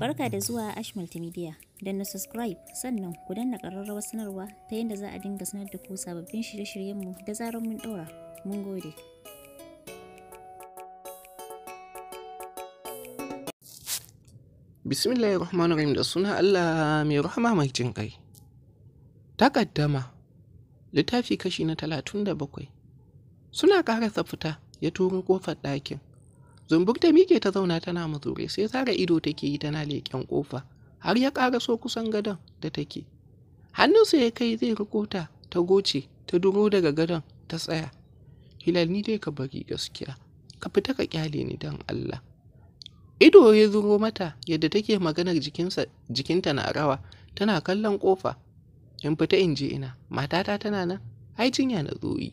Barka da zuwa Ash Multimedia. Don na subscribe sannan ku danna ƙararrawar sanarwa ta yadda za a dinga sanar da ku sababbin shirye-shiryenmu da zarar mun ɗora. Mun gode. Bismillahi Rahmanir Rahim da suna Allah mai rahama mai jin ƙai. Takaddama littafi kashi na talatin da bakwai suna ƙarasa fita ya turo ƙofar ɗakin zumbur ta mike ta zauna tana mazure sai zara ido take yi tana leƙen ƙofa har ya ƙara so kusan gadon da take hannunsa ya kai zai riko ta ta goce ta duro daga gadon ta tsaya hilal ni dai ka bari gaskiya ka fita ka kyale ni don allah ido ya zuro mata yadda take maganar jikinta na rawa tana kallon ƙofa in fita in je ina matata tana nan ai jinya na zoyi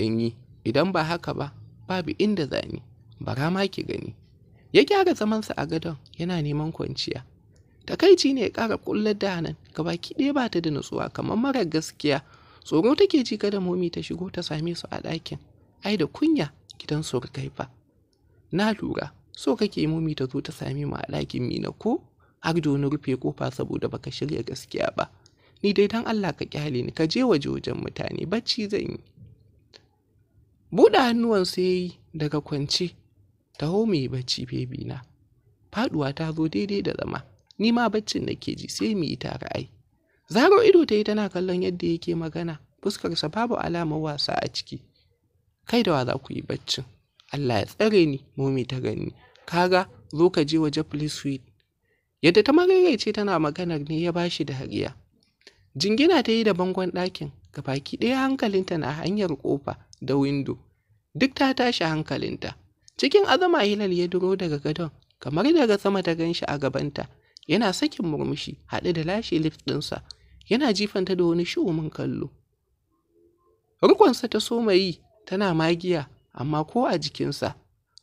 in yi idan ba haka ba babu inda zane, bara ma ki gani ya gyara zamansa a gadon yana neman kwanciya takaici ne ya ƙara kullar da gaba baki ɗaya ba ta da nutsuwa kamar mara gaskiya tsoro take ji kada momi ta shigo ta same su a ɗakin ai da kunya gidan surukai fa na lura so kake momi ta zo ta same mu a ɗakin mina ko har doni rufe kofa saboda baka shirya gaskiya ba ni dai don Allah ka kyale ni ka je waje wajen mutane bacci zan yi Buɗe hannuwansa ya yi daga kwance, taho mu yi bacci bebi na. Faɗuwa ta zo daidai da zama, ni ma baccin ke ji sai mu yi tare ai. Zaro ido ta yi tana kallon yadda yake magana, fuskarsa babu alamar wasa a ciki. Kai da wa za ku yi baccin? Allah ya tsare ni, momi ta gani. Kaga, zo ka je waje police suite. Yadda ta magaraice tana maganar ne ya bashi da hariya. Jingina ta yi da bangon ɗakin, baki ɗaya hankalinta na hanyar kofa da windo. duk ta tashi hankalinta. Cikin azama Hilal ya duro daga gadon, kamar daga sama ta ganshi a gabanta, yana sakin murmushi haɗe da lashe lips ɗinsa, yana jifanta da wani shumin kallo. Rukunsa ta soma yi, tana magiya, amma ko a jikinsa,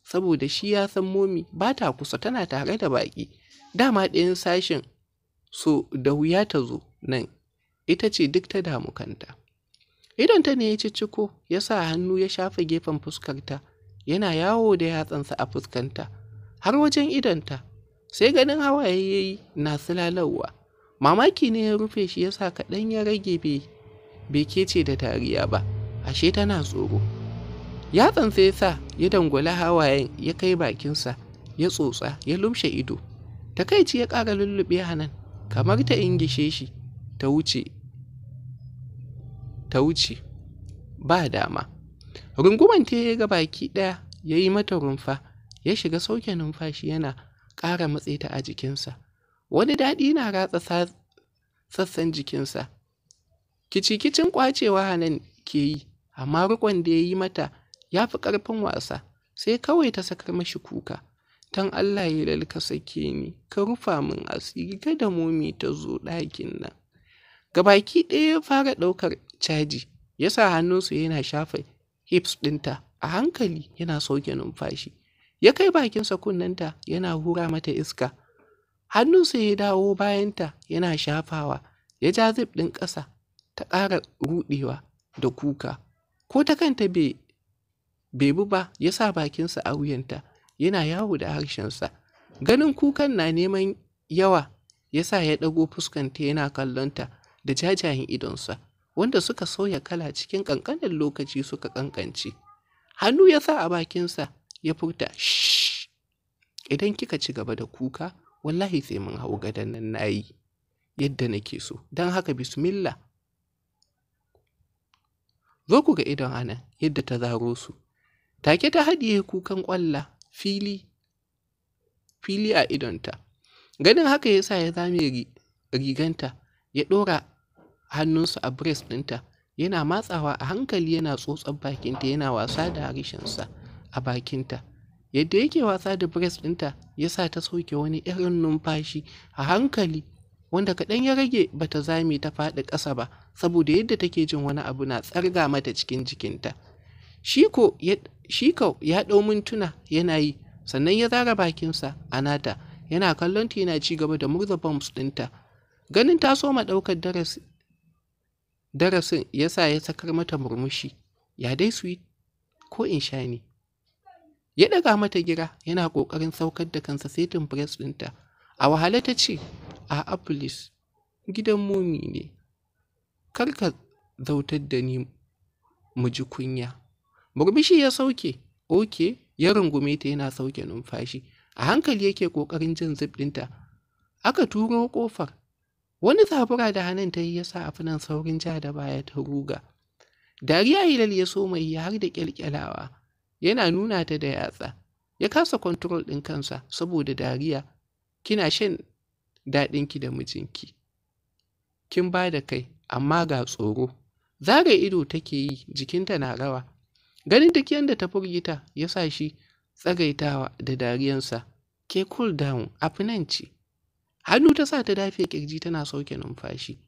saboda shi ya san momi ba ta kusa tana tare da baƙi, dama ɗayan sashin so da wuya ta zo nan, ita ce duk ta damu kanta. Idonta ne ya cicciko, ya sa hannu ya shafa gefen fuskarta, yana yawo da yatsansa a fuskanta, har wajen idonta, sai ganin hawaye ya yi na silalawa. Mamaki ne ya rufe shi ya sa kaɗan ya rage bai kece da tariya ba, ashe tana tsoro. Yatsansa ya sa ya dangwala hawayen ya kai bakinsa, ya tsotsa, ya lumshe ido. Takaici ya ƙara lullube Hanan, kamar ta ingishe shi, ta wuce ta wuce ba dama runguman ta ya ga baki ɗaya ya yi mata rumfa ya shiga sauke numfashi yana ƙara matse ta a jikinsa wani daɗi na ratsa sassan jikinsa kicikicin ƙwacewa nan ke yi amma riƙon da ya yi mata ya fi ƙarfin wasa sai kawai ta sakar mashi kuka tan Allah ya lalka sake ni ka rufa min asiri kada momi ta zo ɗakin nan gabaki ɗaya ya fara ɗaukar caji ya sa hannunsu yana shafa hips ɗinta a hankali yana sauke numfashi ya kai sa kunnenta yana hura mata iska hannunsu ya dawo bayanta yana shafawa ya ja zip ɗin ƙasa ta ƙara ruɗewa da kuka ko ta kanta bai bi ba ya sa bakinsa a wuyanta yana yawo da harshensa ganin kukan na neman yawa ya sa ya ɗago fuskanta yana kallonta da jajayen idonsa wanda suka sauya kala cikin ƙanƙanin lokaci suka ƙanƙance. Hannu ya sa a bakinsa ya furta idan kika ci gaba da kuka wallahi sai mun hau gadon nan nayi yadda nake so don haka bismilla. zo ku ga idon ana yadda ta zaro su take ta haɗiye kukan ƙwalla fili fili a idonta ganin haka ya sa ya zame riganta ya ɗora hannunsa a breast ɗinta yana matsawa a hankali yana tsotsar bakinta yana wasa da harshensa a bakinta yadda yake wasa da breast ɗinta ya sa ta soke wani irin numfashi a hankali wanda kaɗan ya rage bata zame ta faɗi ƙasa ba saboda yadda take jin wani abu na tsarga mata cikin jikinta shiko ya ɗau mintuna yana yi sannan ya zara bakinsa a nata yana kallon ta yana ci gaba da murza bombs ɗinta ganin ta soma ɗaukar darasi darasin ya sa ya sakar mata murmushi ya dai sweet ko in sha ne ya ɗaga mata gira yana ƙoƙarin saukar da kansa setin press dinta. a wahala ta ce a apulis gidan momi ne kar ka zautar da ni mu ji kunya murmushi ya sauke oke ya rungume ta yana sauke numfashi a hankali yake ƙoƙarin jin zip dinta. aka turo kofar. wani zabura da hannun ta yi ya sa afinan saurin ja da baya ta ruga dariya hilal ya so mai ya har da kyalkyalawa yana nuna ta da yatsa ya kasa kwantarol ɗin kansa saboda dariya kina shan daɗinki da mijinki kin ba da kai amma ga tsoro zare ido take yi jikinta na rawa ganin duk yadda ta firgita ya sa shi tsagaitawa da dariyansa ke cool down afinanci hannu ta sa ta dafe kirji tana sauke numfashi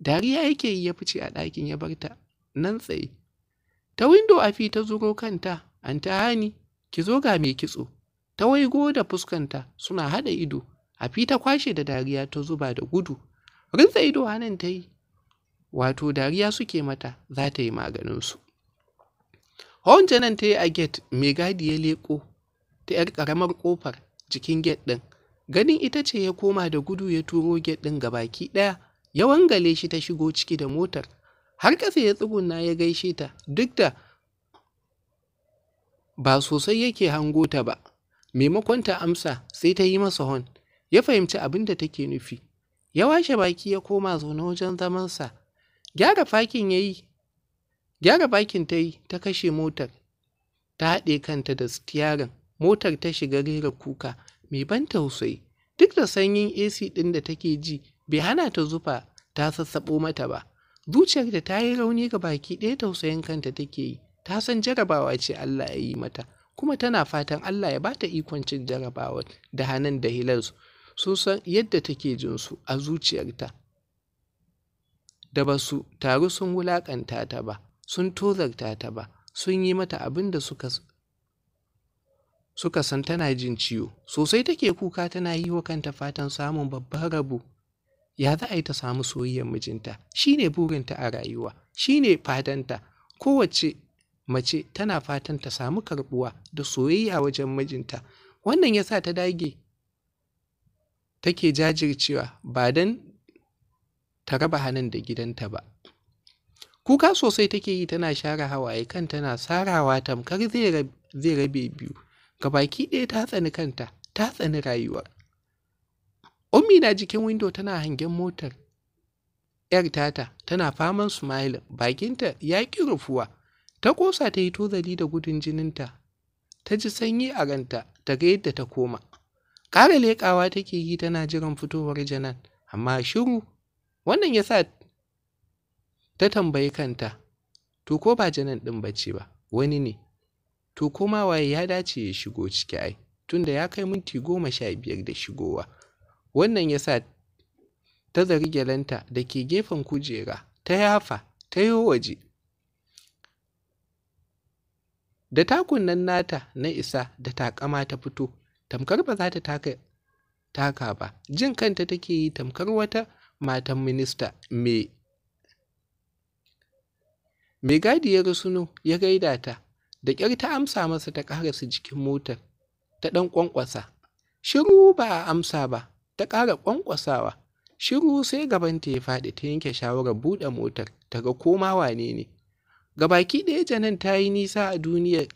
dariya yake yi ya fice a ɗakin ya bar ta nan tsaye ta windo a fi ta zuro kanta an ta hani ki zo ga mai kitso ta waigo da fuskanta suna haɗa ido a fi ta kwashe da dariya ta zuba da gudu rinsa ido hannun ta yi wato dariya suke mata za ta yi maganinsu hawan janan ta yi a get mai gadi ya leƙo ta 'yar ƙaramar ƙofar jikin get ɗin ganin ita ce ya koma da gudu ya turo get ɗin ga baki ɗaya ya wangale shi ta shigo ciki da motar har ƙasa ya tsuguna ya gaishe ta duk da ba sosai yake hango ta ba maimakon ta amsa sai ta yi masa hon ya fahimci abin da take nufi ya washe baki ya koma zaune wajen zamansa gyara fakin ya yi gyara bakin ta yi ta kashe motar ta haɗe kanta da sitiyarin motar ta shiga rera kuka mai ban tausayi duk da sanyin AC ɗin da take ji bai hana ta zufa ta sassaɓo mata ba zuciyar da ta yi rauni ga baki ɗaya tausayin kanta take yi ta san jarabawa ce Allah ya yi mata kuma tana fatan Allah ya bata ikon cin jarabawar da hannun da hilarsu sun san yadda take jin su a zuciyarta da ba su taru sun wulaƙanta ta ba sun tozarta ta ba sun yi mata abin da suka suka san tana jin ciwo sosai take kuka tana yi wa kanta fatan samun babban rabo ya za a yi ta samu soyayyar mijinta shine burinta a rayuwa shine fatanta kowace mace tana fatan ta samu karbuwa da soyayya wajen mijinta wannan ya sa ta dage take jajircewa ba don ta raba hannun da gidanta ba kuka sosai take yi tana share hawaye kan tana sarawa tamkar zai rabe biyu Ga baki ɗaya ta tsani kanta ta tsani rayuwa ummi na jikin windo tana hangen motar yar tata tana faman smile bakinta ya ƙi rufuwa ta ƙosa ta yi tozali da gudun jininta ta ji sanyi a ranta ta ga yadda ta koma ƙara leƙawa take yi tana jiran fitowar janan amma shiru wannan ya sa ta tambayi kanta to ko ba janan ɗin bacci ba wani ne To koma waye ya dace ya shigo ciki ai, tunda ya kai minti goma sha biyar da shigowa. Wannan ya sa ta zari gyalanta da ke gefen kujera, ta yafa, ta yi waje. Da takunan nata na isa da takama ta fito, tamkar ba za ta taka, taka ba, jin kanta take yi tamkar wata matan minista mai Mai gadi ya rusuno ya gaida ta da ƙyar ta amsa masa ta su jikin motar ta ɗan ƙwanƙwasa shiru ba a amsa ba ta ƙara ƙwanƙwasawa shiru sai gabanta ya faɗi ta yanke shawarar buɗe motar ta ga koma wane ne gabaki ɗaya janan ta yi nisa a duniyar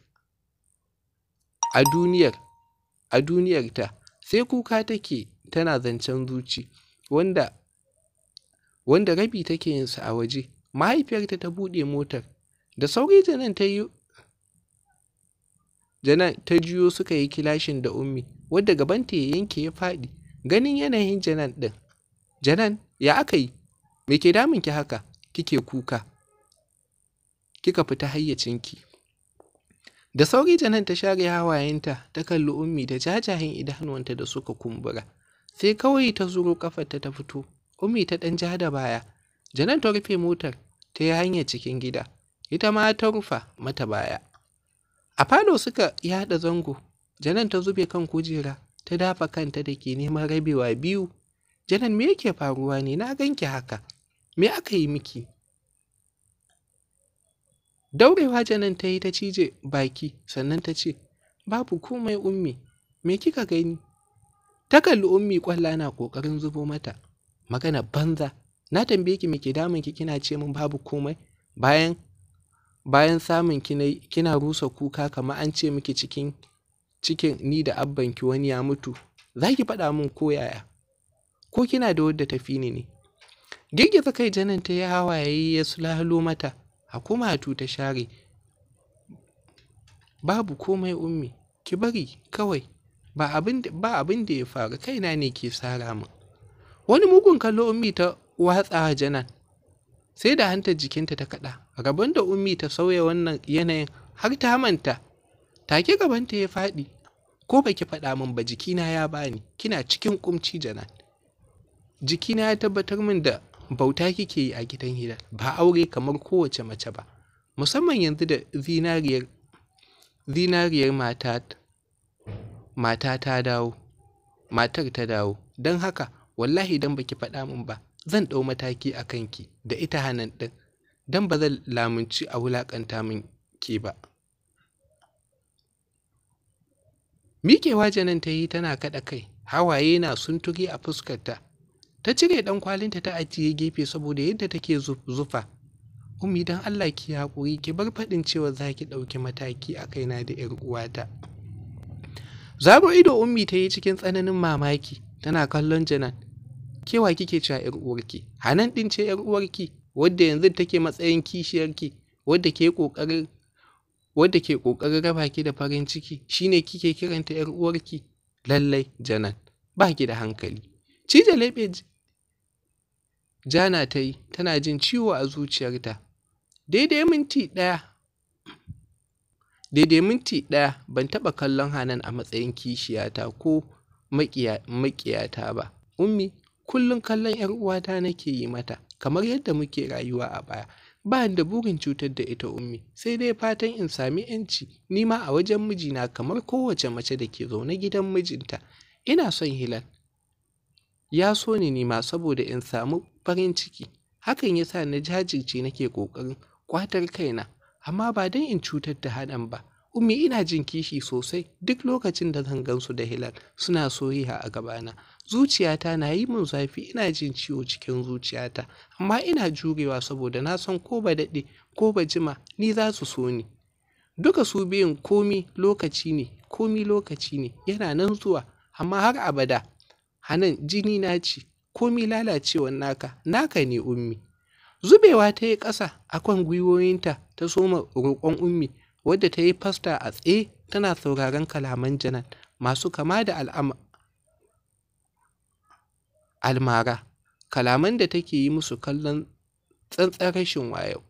a duniyar a duniyar ta sai kuka take tana zancen zuci wanda wanda rabi take yin sa a waje mahaifiyarta ta buɗe motar da sauri janan ta yi Janan ta juyo suka yi kilashin da Ummi, wadda gabanta ya yanke ya faɗi. Ganin yanayin Janan ɗin, Janan, ya aka yi? Me ke damun ki haka? Kike kuka. Kika fita hayyacinki. Da sauri Janan ta share hawayenta ta kalli Ummi da jajayen idanuwanta da suka kumbura. Sai kawai ta zuro kafarta ta fito. Ummi ta ɗan ja da baya. Janan ta rufe motar ta yi hanyar cikin gida. Ita ma ta rufa mata baya. A falo suka yaɗa zango, Janan ta zube kan kujera, ta dafa kanta da ke neman rabewa biyu. Janan me yake faruwa ne na ganki haka, me aka yi miki? Daurewa Janan ta yi ta cije baki sannan ta ce, Babu komai ummi, me kika gani? Ta kalli ummi kwalla na ƙoƙarin zubo mata, magana banza, na tambaye ki me ke damun ki kina ce min babu komai bayan bayan samun kinai kina rusa kuka kamar an ce miki cikin cikin ni da abbanki wani ya mutu za ki faɗa min ko yaya ko kina da wadda tafi ni ne girgiza kai janin ta ya hawaye ya sulahalo mata hakuma tu ta share babu komai ummi ki bari kawai ba abin da ya faru kaina ne ke sara min wani mugun kallo ummi ta watsa janan sai da hantar jikinta ta kaɗa rabon da ummi ta sauya wannan yanayin har ta manta ta gaban gabanta ya faɗi ko ba ki faɗa min ba jikina ya bani kina cikin kumci janan jikina ya tabbatar min da bauta kike yi a gidan hidal ba aure kamar kowace mace ba musamman yanzu da zinariyar zinariyar mata mata ta dawo matar ta dawo don haka wallahi idan baki faɗa min ba zan ɗau mataki a kanki da ita hannun ɗin don ba zan lamunci a wulaƙanta min ke ba. Miƙewa janan ta yi tana kaɗa kai, hawaye na sunturi a fuskarta. Ta cire ɗan kwalinta ta ajiye gefe saboda yadda take zufa. Umi don Allah ki haƙuri ki bar faɗin cewa za ki ɗauki mataki a kaina da ‘yar uwata. Zaro ido Ummi ta yi cikin tsananin mamaki tana kallon Janan. kewa kike cewa ‘yar uwarki, hanan ɗin ce ‘yar uwarki, wadda yanzu take matsayin kishiyarki, wadda ke kokarin wadda ke ƙoƙarin raba ki da farin ciki shine kike kiranta ‘yar uwarki, lallai janan, ba ki da hankali. Cije lebe jana ta yi, tana jin ciwo a zuciyarta. Daidai minti ɗaya, daidai minti ɗaya ban taɓa kallon Hanan a matsayin kishiyata ko maƙiyata ba. Ummi kullum kallon 'yar uwata nake yi mata kamar yadda muke rayuwa a baya ba da burin cutar da ita ummi sai dai fatan in sami yanci nima a wajen mijina kamar kowace mace da ke zaune gidan mijinta ina son hilal ya so ni nima saboda in samu farin ciki hakan ya sa na jajirce nake ƙoƙarin ƙwatar kaina amma ba don in cutar da hadan ba ummi ina jin kishi sosai duk lokacin da zan gansu da hilal suna soyiya a gabana zuciyata na yi min zafi ina jin ciwo cikin zuciyata amma ina jurewa saboda na san ko ba daɗe ko ba jima ni za su so ni duka su biyun komi lokaci ne komi lokaci ne yana nan zuwa amma har abada hanan jini na ci komi lalacewan naka naka ne ummi zubewa ta yi ƙasa a kan gwiwoyinta ta soma roƙon ummi wadda ta yi fasta a tsaye tana sauraron kalaman janan masu kama da almara kalaman da take yi musu kallon tsantsar rashin wayo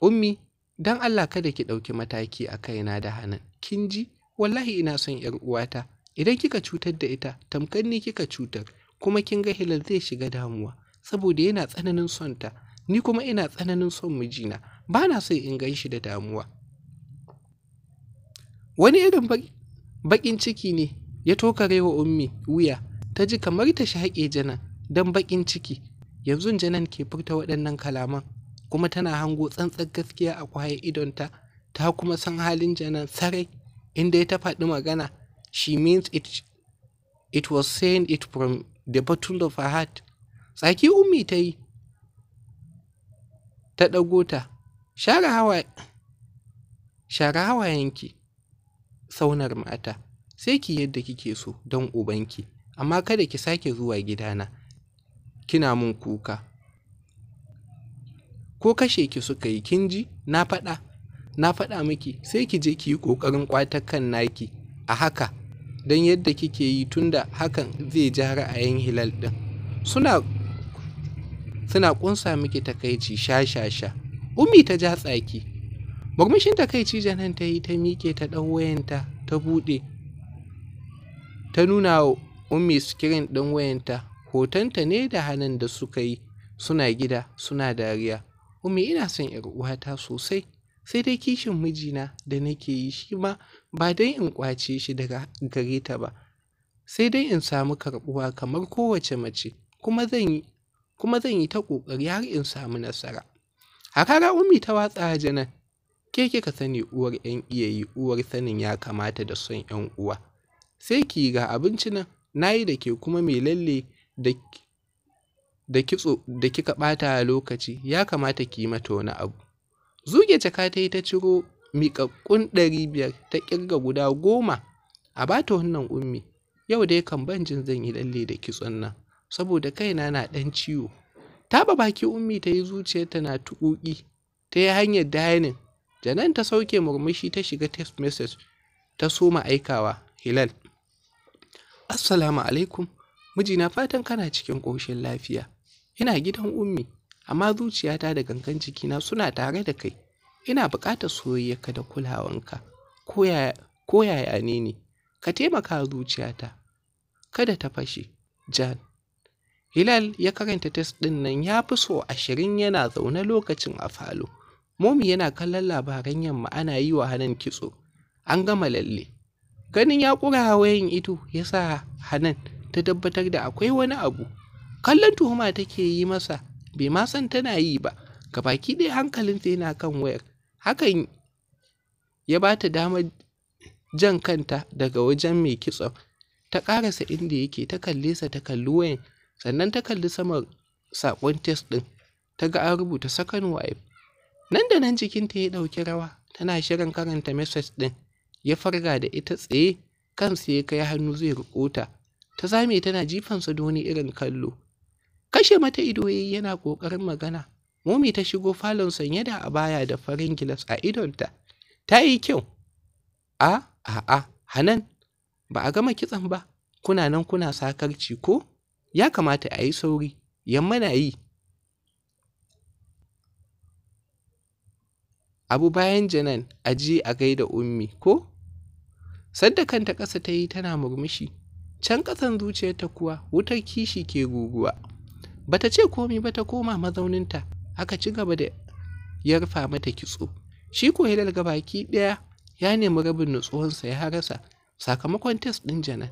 ummi don allah kada ki ɗauki mataki a kaina da hannun. kin ji wallahi ina son yar uwata idan kika cutar da ita tamkar ni kika cutar kuma kin ga hilal zai shiga damuwa saboda yana tsananin son ta ni kuma ina tsananin son mijina ba na so in gan shi da damuwa wani irin baƙin ciki ne ya wa ummi wuya ta ji kamar ta shi haƙe janan don baƙin ciki yanzu janan ke furta waɗannan kalaman kuma tana hango tsantsar gaskiya a kwaye idonta ta kuma san halin janan sarai inda ya ta faɗi magana she means it it was saying it from the bottom of her heart tsaki ummi ta yi ta ɗago ta share hawa share hawayenki saunar mata sai ki yadda kike so don ubanki amma kada ki sake zuwa gidana kina mun kuka ko kashe ki suka yi kin ji na faɗa na faɗa miki sai ki je ki yi ƙoƙarin ƙwatar kan naki a haka don yadda kike yi tunda hakan zai a yan hilal ɗin suna suna ƙunsa miki takaici sha sha sha umi ta ja tsaki murmushin takaici janan ta yi ta mike ta ɗan wayanta ta buɗe ta nuna Ummi sikirin ɗin wayanta hotonta ne da hannun da suka yi suna gida suna dariya. Ummi ina son ‘yar uwata sosai sai dai kishin mijina da nake yi shi ma ba dai in kwace shi daga gare ta ba sai dai in samu karɓuwa kamar kowace mace kuma zan yi ta ƙoƙari har in samu nasara. Harara Ummi ta watsa janar ke kika sani uwar ‘yan iyayi uwar sanin ya kamata da son ‘yan uwa sai ki ga abinci nan Na yi da ke kuma mai lalle da kitso da kika ɓata lokaci, ya kamata ki mata wani abu. Zuge jaka ta yi ta ciro miƙaƙƙun ɗari biyar ta ƙirga guda goma, a bata ta wannan Ummi, yau dai kan ban jin zan yi lalle da kitson nan, saboda kaina na ɗan ciwo. Ta ba baki Ummi ta yi zuciyarta na tuƙuƙi, ta yi hanyar dining, Janan ta sauke murmushi ta shiga text message ta soma aikawa Hilal. Assalamu alaikum, mijina fatan kana cikin ƙoshin lafiya. Ina gidan ummi, amma zuciyata da gangan jikina suna tare da kai. Ina buƙatar soyayyarka da kulawanka, ko yaya ne ne, ka taimaka zuciyata, kada ta fashe, Jan. Hilal ya karanta test ɗin nan ya fi so ashirin yana zaune lokacin a falo. Momi yana kallon labaran yamma ana yi wa Hanan kitso. An gama lalle. ganin ya ƙura hawayen ido ya sa hanan ta tabbatar da akwai wani abu kallon tuhuma take yi masa bai ma san tana yi ba baki ɗaya hankalinta yana kan wayar hakan ya ba ta damar jan kanta daga wajen mai kitso ta ƙarasa inda yake ta kalle sa ta kalli wayan sannan ta kalli sama saƙon test ɗin ta ga an rubuta second wife nan da nan jikinta ya ɗauki rawa tana shirin karanta message ɗin ya farga da ita tsaye kansa ya kai hannu zai riƙota. ta zame tana jifansa da wani irin kallo kashe mata ido yayi yana ƙoƙarin magana momi ta shigo falon sanye da abaya da farin gilas a idonta ta yi kyau a a a hanan ba a gama kitsan ba kuna nan kuna sakarci ko ya kamata a yi sauri yamma mana yi abu bayan janan aji a gaida ummi ko Sadda kanta ƙasa ta yi tana murmushi, can ƙasan zuciyarta kuwa wutar kishi ke guguwa. Bata ce komi ba ta koma mazauninta, aka ci gaba da yarfa mata kitso. Shi ko Hilal gabaki ɗaya ya nemi rabin nutsuwansa ya rasa sakamakon tes ɗin Janan.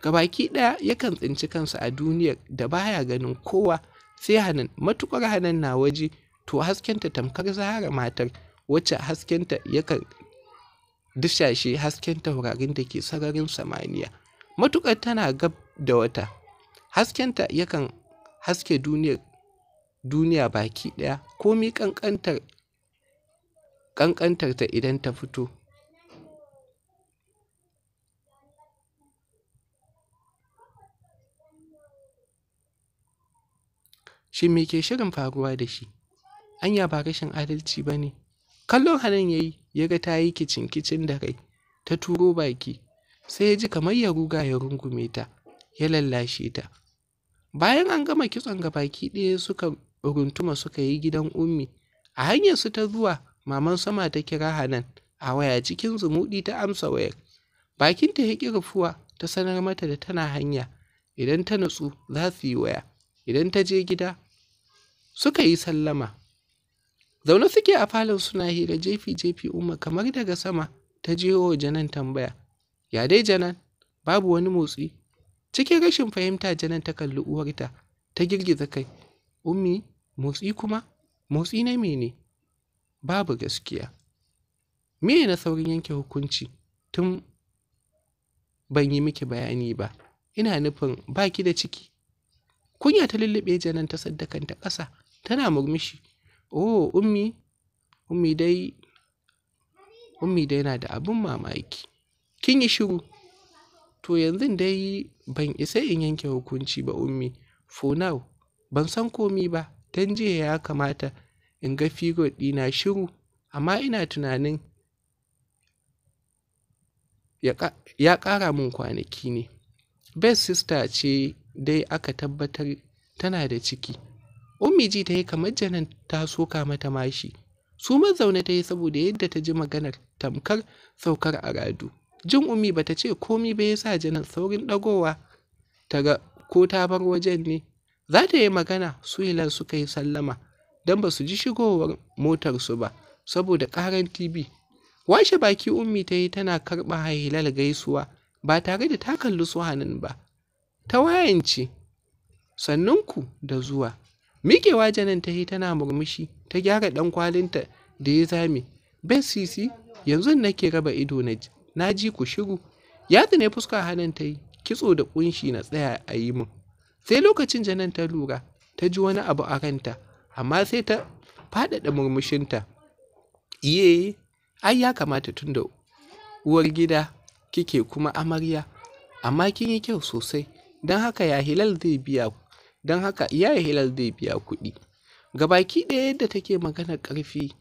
Gabaki ɗaya yakan tsinci kansa a duniyar da baya ganin kowa sai Hanan matukar Hanan na waje to haskenta tamkar Zahara matar wacce haskenta yakan dusashe hasken taurarin da ke sararin samaniya matuƙar tana gab da wata haskenta yakan haske duniyar duniya baki ɗaya komi ƙanƙantar ta idan ta fito shi me ke shirin faruwa da shi anya ba rashin adalci ba ne kallon hannun ya yi ya ga ta yi kicin kicin da rai ta turo baki sai ya ji kamar ya ruga ya rungume ta ya lallashe ta bayan an gama kitson ga baki ɗaya suka runtuma suka yi gidan ummi a hanyar su ta zuwa maman sama ta kira hanan a waya cikin zumuɗi ta amsa wayar bakinta ya ƙi rufuwa ta sanar mata da tana hanya idan ta nutsu za su yi waya idan ta je gida suka yi sallama Zaune suke a falon suna hira jefi-jefi Umma kamar daga sama ta jiho Janan tambaya. Ya dai Janan, babu wani motsi. Cikin rashin fahimta Janan ta kalli uwarta, ta girgiza kai. Ummi, motsi kuma? Motsi na mene? Babu gaskiya. Me na saurin yanke hukunci tun ban yi miki bayani ba. Ina nufin baki da ciki. Kunya ta lullube Janan ta saddakanta ta ƙasa, tana murmushi. Oh Ummi, Ummi dai, Ummi dai na da abin mamaki. Kin yi shiru? To yanzu dai ban isa in yanke hukunci ba Ummi. For now, ban san komi ba, don jiya ya kamata in ga figo ɗina shiru, amma ina tunanin ya ƙara min kwanaki ne. Best sister ce dai aka tabbatar tana da ciki. ummi ji ta yi kamar janan ta soka mata mashi su mazaune ta yi saboda yadda ta ji maganar tamkar saukar aradu, jin ummi ba ta ce komi ba ya sa janan saurin ɗagowa ta ga ko ta bar wajen ne za ta yi magana su suhilan suka yi sallama don ba su ji shigowar motarsu ba saboda ƙaran tv washe baki ummi ta yi tana karɓa hailal gaisuwa ba tare da ta kalli su hannun ba ta wayance sannunku da zuwa Miƙewa janan ta yi tana murmushi ta gyara ɗan kwalinta da ya zame. ben sisi yanzu nake raba ido na ji, na ji ku shiru. Ya ne fuska hannun ta yi, kitso da ƙunshi na tsaya a yi min. Sai lokacin janan ta lura, ta ji wani abu a ranta, amma sai ta faɗaɗa murmushinta. Iye, ai ya kamata tun da uwar gida kike kuma amarya, amma kin yi kyau sosai, don haka ya Hilal zai biya ku. don haka iyaye hilal zai biya kuɗi gabaki ɗaya yadda take magana ƙarfi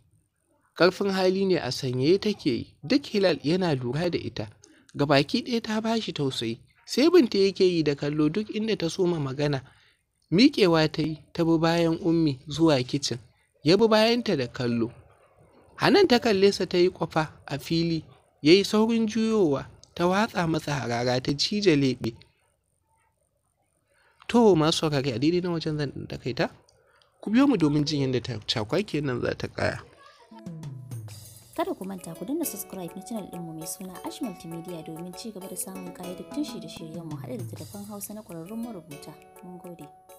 ƙarfin hali ne a sanyaye take yi duk hilal yana lura da ita gabaki ɗaya ta ba shi tausayi sai binta yake yi da kallo duk inda ta soma magana miƙewa ta yi ta bi bayan ummi zuwa kicin ya bi bayanta da kallo hanan ta kalle sa ta yi kwafa a fili ya yi saurin juyowa ta watsa masa harara ta cije leɓe to masu saurari a daidai na wajen zan kai ta ku biyo mu domin jin yadda cakwaki nan za ta kaya kada ku manta ku danna subscribe na channel mu mai suna ash multimedia domin ci gaba da samun kayyadattun shirye mu hada da telefon hausa na ƙwararrun marubuta mun gode